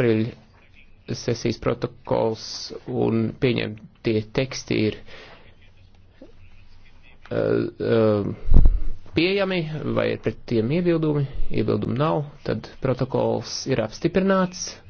aprīļa sesijas protokols un pieņemtie teksti ir uh, uh, pieejami vai ir pret tiem iebildumi. Iebildumi nav, tad protokols ir apstiprināts.